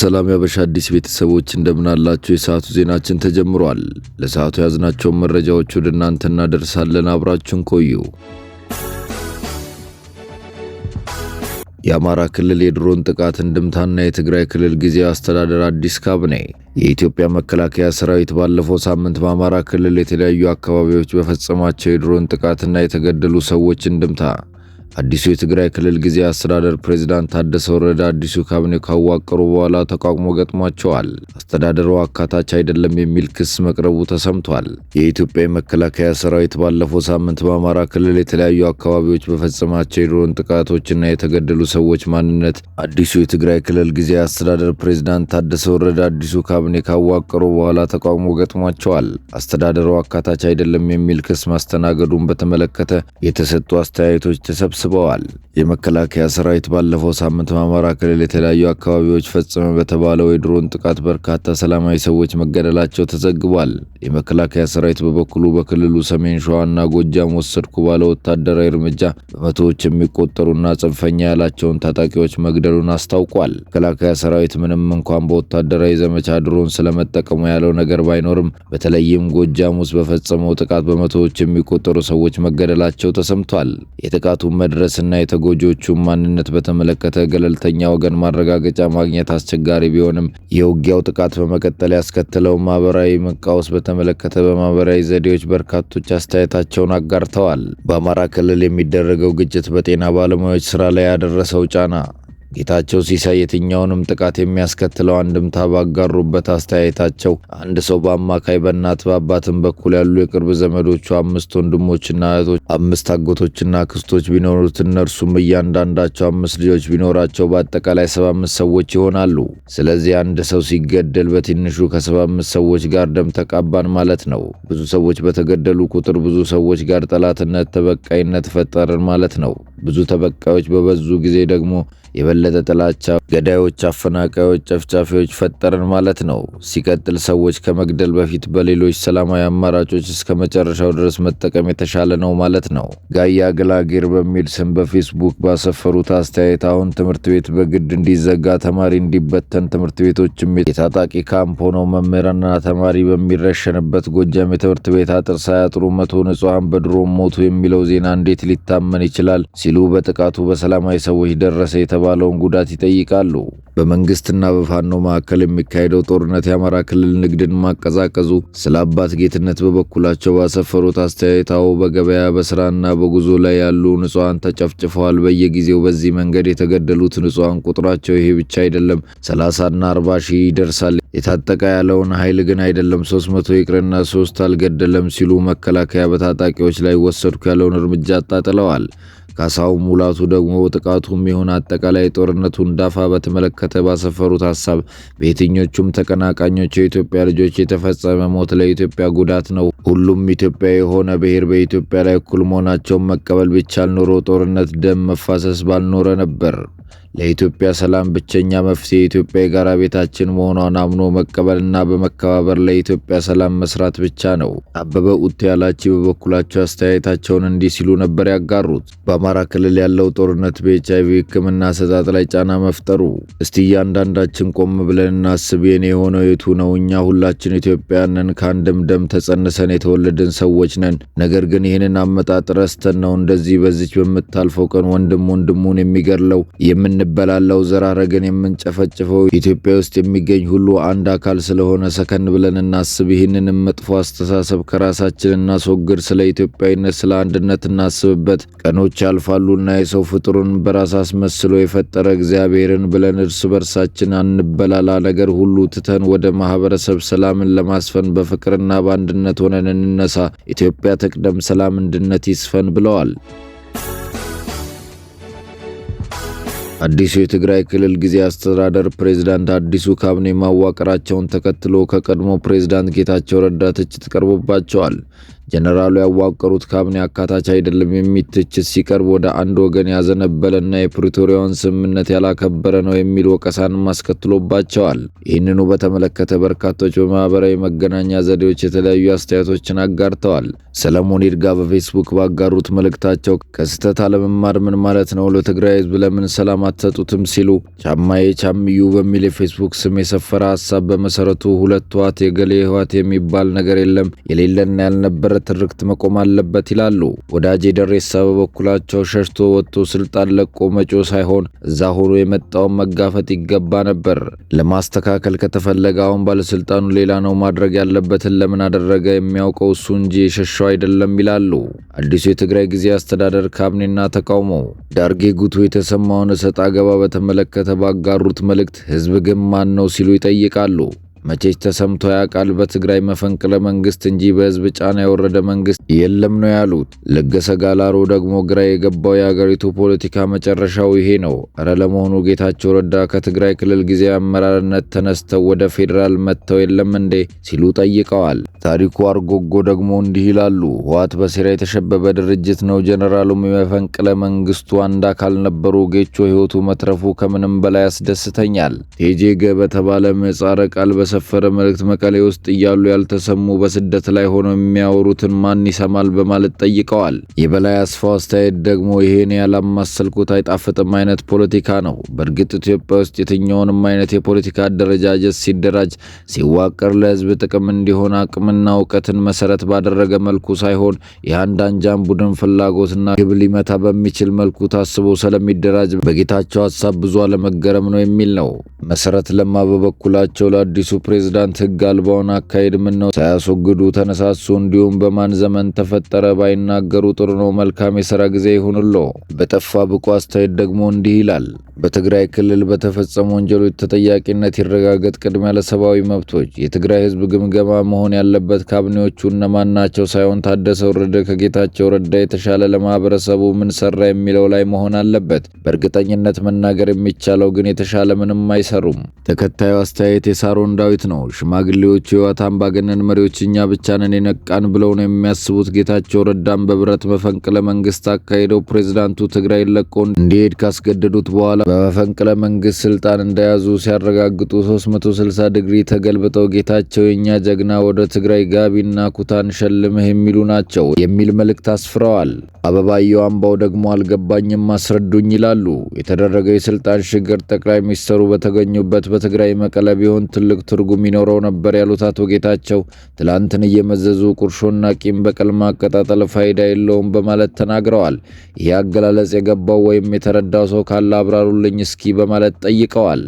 ሰላም ያበሻ አዲስ ቤተሰቦች እንደምናላቸው የሰዓቱ ዜናችን ተጀምሯል። ለሰዓቱ የያዝናቸውን መረጃዎች ወደ እናንተ እናደርሳለን። አብራችን ቆዩ። የአማራ ክልል የድሮን ጥቃት እንድምታና የትግራይ ክልል ጊዜያዊ አስተዳደር አዲስ ካቢኔ። የኢትዮጵያ መከላከያ ሰራዊት ባለፈው ሳምንት በአማራ ክልል የተለያዩ አካባቢዎች በፈጸማቸው የድሮን ጥቃትና የተገደሉ ሰዎች እንድምታ አዲሱ የትግራይ ክልል ጊዜ አስተዳደር ፕሬዚዳንት ታደሰ ወረደ አዲሱ ካቢኔ ካዋቀሩ በኋላ ተቋቁሞ ገጥሟቸዋል። አስተዳደሩ አካታች አይደለም የሚል ክስ መቅረቡ ተሰምቷል። የኢትዮጵያ የመከላከያ ሰራዊት ባለፈው ሳምንት በአማራ ክልል የተለያዩ አካባቢዎች በፈጸማቸው የድሮን ጥቃቶችና የተገደሉ ሰዎች ማንነት አዲሱ የትግራይ ክልል ጊዜ አስተዳደር ፕሬዚዳንት ታደሰ ወረደ አዲሱ ካቢኔ ካዋቀሩ በኋላ ተቋቁሞ ገጥሟቸዋል። አስተዳደሩ አካታች አይደለም የሚል ክስ ማስተናገዱን በተመለከተ የተሰጡ አስተያየቶች ተሰብስ ሰብስበዋል። የመከላከያ ሰራዊት ባለፈው ሳምንት በአማራ ክልል የተለያዩ አካባቢዎች ፈጸመ በተባለው የድሮን ጥቃት በርካታ ሰላማዊ ሰዎች መገደላቸው ተዘግቧል። የመከላከያ ሰራዊት በበኩሉ በክልሉ ሰሜን ሸዋና ጎጃም ወሰድኩ ባለ ወታደራዊ እርምጃ በመቶዎች የሚቆጠሩና ጽንፈኛ ያላቸውን ታጣቂዎች መግደሉን አስታውቋል። መከላከያ ሰራዊት ምንም እንኳን በወታደራዊ ዘመቻ ድሮን ስለመጠቀሙ ያለው ነገር ባይኖርም በተለይም ጎጃም ውስጥ በፈጸመው ጥቃት በመቶዎች የሚቆጠሩ ሰዎች መገደላቸው ተሰምቷል። የጥቃቱን መድረስና የተጎጂዎቹን ማንነት በተመለከተ ገለልተኛ ወገን ማረጋገጫ ማግኘት አስቸጋሪ ቢሆንም የውጊያው ጥቃት በመቀጠል ያስከተለው ማህበራዊ መቃወስ በተመለከተ በማህበራዊ ዘዴዎች በርካቶች አስተያየታቸውን አጋርተዋል። በአማራ ክልል የሚደረገው ግጭት በጤና ባለሙያዎች ስራ ላይ ያደረሰው ጫና ጌታቸው ሲሳይ የትኛውንም ጥቃት የሚያስከትለው አንድምታ ባጋሩበት አስተያየታቸው አንድ ሰው በአማካይ በእናት በአባትም በኩል ያሉ የቅርብ ዘመዶቹ አምስት ወንድሞችና እህቶች፣ አምስት አጎቶችና ክስቶች ቢኖሩት እነርሱም እያንዳንዳቸው አምስት ልጆች ቢኖራቸው በአጠቃላይ ሰባ አምስት ሰዎች ይሆናሉ። ስለዚህ አንድ ሰው ሲገደል በትንሹ ከሰባ አምስት ሰዎች ጋር ደም ተቃባን ማለት ነው። ብዙ ሰዎች በተገደሉ ቁጥር ብዙ ሰዎች ጋር ጠላትነት፣ ተበቃይነት ፈጠርን ማለት ነው። ብዙ ተበቃዮች በበዙ ጊዜ ደግሞ የበለጠ ጥላቻ፣ ገዳዮች፣ አፈናቃዮች፣ ጨፍጫፊዎች ፈጠርን ማለት ነው። ሲቀጥል ሰዎች ከመግደል በፊት በሌሎች ሰላማዊ አማራጮች እስከ መጨረሻው ድረስ መጠቀም የተሻለ ነው ማለት ነው። ጋያ ግላጌር በሚል ስም በፌስቡክ ባሰፈሩት አስተያየት አሁን ትምህርት ቤት በግድ እንዲዘጋ፣ ተማሪ እንዲበተን፣ ትምህርት ቤቶችም የታጣቂ ካምፕ ሆነው መምህራንና ተማሪ በሚረሸንበት ጎጃም የትምህርት ቤት አጥር ሳያጥሩ መቶ ንጹሐን በድሮም ሞቱ የሚለው ዜና እንዴት ሊታመን ይችላል? ሲሉ በጥቃቱ በሰላማዊ ሰዎች ደረሰ የተ የተባለውን ጉዳት ይጠይቃሉ። በመንግስትና በፋኖ መካከል የሚካሄደው ጦርነት የአማራ ክልል ንግድን ማቀዛቀዙ ስለ አባት ጌትነት በበኩላቸው ባሰፈሩት አስተያየታው በገበያ በስራና በጉዞ ላይ ያሉ ንጹሐን ተጨፍጭፈዋል። በየጊዜው በዚህ መንገድ የተገደሉት ንጹሐን ቁጥራቸው ይሄ ብቻ አይደለም፣ 30ና 40 ሺህ ይደርሳል። የታጠቀ ያለውን ኃይል ግን አይደለም 300 ይቅርና 3 አልገደለም ሲሉ መከላከያ በታጣቂዎች ላይ ወሰድኩ ያለውን እርምጃ አጣጥለዋል። ካሳው ሙላቱ ደግሞ ጥቃቱም ይሁን አጠቃላይ ጦርነቱን ዳፋ በተመለከተ ባሰፈሩት ሀሳብ በየትኞቹም ተቀናቃኞች የኢትዮጵያ ልጆች የተፈጸመ ሞት ለኢትዮጵያ ጉዳት ነው። ሁሉም ኢትዮጵያ የሆነ ብሔር በኢትዮጵያ ላይ እኩል መሆናቸውን መቀበል ቢቻል ኖሮ ጦርነት፣ ደም መፋሰስ ባልኖረ ነበር። ለኢትዮጵያ ሰላም ብቸኛ መፍትሄ ኢትዮጵያ የጋራ ቤታችን መሆኗን አምኖ መቀበልና በመከባበር ለኢትዮጵያ ሰላም መስራት ብቻ ነው። አበበ ኡት ያላቺ በበኩላቸው አስተያየታቸውን እንዲህ ሲሉ ነበር ያጋሩት። በአማራ ክልል ያለው ጦርነት አይቪ ሕክምና አሰጣጥ ላይ ጫና መፍጠሩ፣ እስቲ እያንዳንዳችን ቆም ብለን እናስብ። የኔ የሆነው የቱ ነው? እኛ ሁላችን ኢትዮጵያንን ከአንድም ደም ተጸንሰን የተወለድን ሰዎች ነን። ነገር ግን ይህንን አመጣጥ ረስተን ነው እንደዚህ በዚች በምታልፈው ቀን ወንድም ወንድሙን የሚገድለው የምን የምንበላለው ዘራረገን የምንጨፈጭፈው ኢትዮጵያ ውስጥ የሚገኝ ሁሉ አንድ አካል ስለሆነ ሰከን ብለን እናስብ። ይህንንም መጥፎ አስተሳሰብ ከራሳችን እናስወግድ። ስለ ኢትዮጵያዊነት፣ ስለ አንድነት እናስብበት። ቀኖች እና የሰው ፍጡሩን በራስ አስመስሎ የፈጠረ እግዚአብሔርን ብለን እርስ በርሳችን አንበላላ። ነገር ሁሉ ትተን ወደ ማህበረሰብ ሰላምን ለማስፈን በፍቅርና በአንድነት ሆነን እንነሳ። ኢትዮጵያ ትቅደም፣ ሰላም አንድነት ይስፈን ብለዋል። አዲሱ የትግራይ ክልል ጊዜ አስተዳደር ፕሬዝዳንት አዲሱ ካቢኔ ማዋቀራቸውን ተከትሎ ከቀድሞ ፕሬዝዳንት ጌታቸው ረዳ ትችት ቀርቦባቸዋል። ጀነራሉ ያዋቀሩት ካቢኔ አካታች አይደለም የሚል ትችት ሲቀርብ ወደ አንድ ወገን ያዘነበለና የፕሪቶሪያውን ስምምነት ያላከበረ ነው የሚል ወቀሳንም አስከትሎባቸዋል። ይህንኑ በተመለከተ በርካቶች በማህበራዊ መገናኛ ዘዴዎች የተለያዩ አስተያየቶችን አጋርተዋል። ሰለሞን ይርጋ በፌስቡክ ባጋሩት መልእክታቸው ከስህተት አለመማር ምን ማለት ነው? ለትግራይ ህዝብ ለምን ሰላም አትሰጡትም? ሲሉ ቻማዬ ቻምዩ በሚል የፌስቡክ ስም የሰፈረ ሀሳብ በመሰረቱ ሁለት ህዋት የገሌ ህዋት የሚባል ነገር የለም የሌለና ያልነበረ ትርክት መቆም አለበት ይላሉ። ወዳጄ ደሬሳ በበኩላቸው ሸሽቶ ወጥቶ ስልጣን ለቆ መጮ ሳይሆን እዛ ሆኖ የመጣውን መጋፈጥ ይገባ ነበር። ለማስተካከል ከተፈለገ አሁን ባለስልጣኑ ሌላ ነው ማድረግ ያለበትን ለምን አደረገ የሚያውቀው እሱ እንጂ የሸሸው አይደለም ይላሉ። አዲሱ የትግራይ ጊዜ አስተዳደር ካቢኔና ተቃውሞ ዳርጌ ጉቱ የተሰማውን እሰጥ አገባ በተመለከተ ባጋሩት መልእክት ህዝብ ግን ማን ነው ሲሉ ይጠይቃሉ። መቼች ተሰምቶ ያውቃል? በትግራይ መፈንቅለ መንግስት እንጂ በህዝብ ጫና የወረደ መንግስት የለም ነው ያሉት። ለገሰ ጋላሮ ደግሞ ግራ የገባው የአገሪቱ ፖለቲካ መጨረሻው ይሄ ነው። እረ ለመሆኑ ጌታቸው ረዳ ከትግራይ ክልል ጊዜ አመራርነት ተነስተው ወደ ፌዴራል መጥተው የለም እንዴ ሲሉ ጠይቀዋል። ታሪኩ አርጎጎ ደግሞ እንዲህ ይላሉ። ህወሓት በሴራ የተሸበበ ድርጅት ነው። ጀነራሉም የመፈንቅለ መንግስቱ አንድ አካል ነበሩ። ጌቾ ህይወቱ መትረፉ ከምንም በላይ ያስደስተኛል። ቴጄገ በተባለ ምህጻረ ቃል በሰፈረ መልእክት መቀሌ ውስጥ እያሉ ያልተሰሙ በስደት ላይ ሆነው የሚያወሩትን ማን ይሰማል በማለት ጠይቀዋል። የበላይ አስፋው አስተያየት ደግሞ ይሄን ያላማሰልኩት አይጣፍጥም አይነት ፖለቲካ ነው። በእርግጥ ኢትዮጵያ ውስጥ የትኛውንም አይነት የፖለቲካ አደረጃጀት ሲደራጅ ሲዋቀር ለህዝብ ጥቅም እንዲሆን አቅም አቅምና እውቀትን መሰረት ባደረገ መልኩ ሳይሆን የአንድ አንጃን ቡድን ፍላጎትና ግብ ሊመታ በሚችል መልኩ ታስቦ ስለሚደራጅ በጌታቸው ሀሳብ ብዙ አለመገረም ነው የሚል ነው። መሰረት ለማ በበኩላቸው ለአዲሱ ፕሬዝዳንት ህግ አልባውን አካሄድ ምነው ሳያስወግዱ ተነሳሱ፣ እንዲሁም በማን ዘመን ተፈጠረ ባይናገሩ ጥሩ ነው። መልካም የሥራ ጊዜ ይሁንሎ። በጠፋ ብቁ አስተያየት ደግሞ እንዲህ ይላል። በትግራይ ክልል በተፈጸሙ ወንጀሎች ተጠያቂነት ይረጋገጥ፣ ቅድሚያ ለሰብአዊ መብቶች። የትግራይ ህዝብ ግምገማ መሆን ያለበት ካቢኔዎቹ እነማን ናቸው ሳይሆን ታደሰ ወረደ ከጌታቸው ረዳ የተሻለ ለማህበረሰቡ ምን ሰራ የሚለው ላይ መሆን አለበት። በእርግጠኝነት መናገር የሚቻለው ግን የተሻለ ምንም አይሰሩም። ተከታዩ አስተያየት የሳሮን ዳዊት ነው። ሽማግሌዎቹ የህወሓት አምባገነን መሪዎች እኛ ብቻ የነቃን ብለው ነው የሚያስቡት። ጌታቸው ረዳን በብረት መፈንቅለ መንግስት አካሂደው ፕሬዚዳንቱ ትግራይ ለቆ እንዲሄድ ካስገደዱት በኋላ በመፈንቅለ መንግስት ሥልጣን እንደያዙ ሲያረጋግጡ 360 ዲግሪ ተገልብጠው ጌታቸው የእኛ ጀግና ወደ ትግራይ ጋቢና ኩታን ሸልምህ የሚሉ ናቸው የሚል መልእክት አስፍረዋል። አበባየው አምባው ደግሞ አልገባኝም አስረዱኝ ይላሉ። የተደረገው የሥልጣን ሽግር ጠቅላይ ሚኒስትሩ በተገኙበት በትግራይ መቀለ ቢሆን ትልቅ ትርጉም ይኖረው ነበር ያሉት አቶ ጌታቸው ትላንትን እየመዘዙ ቁርሾና ቂም በቀል ማቀጣጠል ፋይዳ የለውም በማለት ተናግረዋል። ይህ አገላለጽ የገባው ወይም የተረዳው ሰው ካለ አብራሩ አብራሩልኝ እስኪ በማለት ጠይቀዋል።